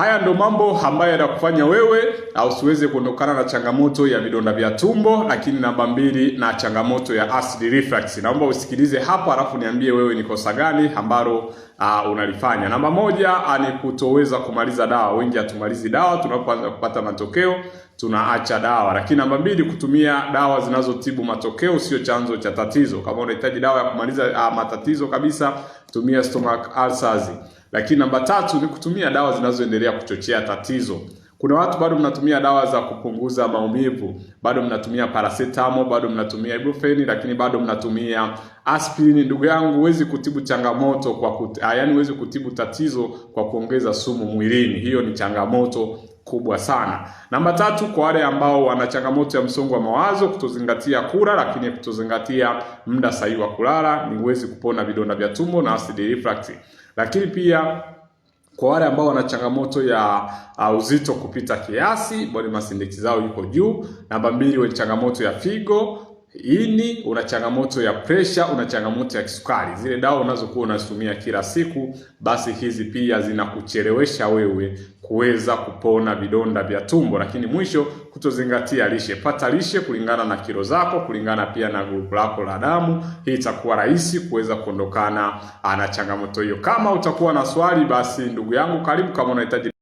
Haya ndo mambo ambayo yanakufanya wewe usiweze kuondokana na changamoto ya vidonda vya tumbo, lakini namba mbili na changamoto ya acid reflux. Naomba usikilize hapa, alafu niambie wewe ni kosa gani ambalo Uh, unalifanya. Namba moja ah, ni kutoweza kumaliza dawa. Wengi hatumalizi dawa, tunapoanza kupata matokeo tunaacha dawa. Lakini namba mbili, kutumia dawa zinazotibu matokeo sio chanzo cha tatizo. Kama unahitaji dawa ya kumaliza uh, matatizo kabisa, tumia stomach ulcers. Lakini namba tatu ni kutumia dawa zinazoendelea kuchochea tatizo. Kuna watu bado mnatumia dawa za kupunguza maumivu, bado mnatumia paracetamol, bado mnatumia ibuprofen, lakini bado mnatumia aspirin. Ndugu yangu, huwezi kutibu changamoto kwa kut, ah, yaani huwezi kutibu tatizo kwa kuongeza sumu mwilini. Hiyo ni changamoto kubwa sana. Namba tatu, kwa wale ambao wana changamoto ya msongo wa mawazo, kutozingatia kula, lakini kutozingatia muda sahihi wa kulala, ni huwezi kupona vidonda vya tumbo na acid reflux. Lakini pia kwa wale ambao wana changamoto ya uh, uzito kupita kiasi, body mass index zao yuko juu. Namba mbili, wenye changamoto ya figo ini, una changamoto ya pressure, una changamoto ya kisukari, zile dawa unazokuwa unazitumia kila siku, basi hizi pia zinakuchelewesha wewe kuweza kupona vidonda vya tumbo. Lakini mwisho, kutozingatia lishe. Pata lishe kulingana na kilo zako, kulingana pia na grupu lako la damu. Hii itakuwa rahisi kuweza kuondokana na changamoto hiyo. Kama utakuwa na swali, basi ndugu yangu, karibu. Kama unahitaji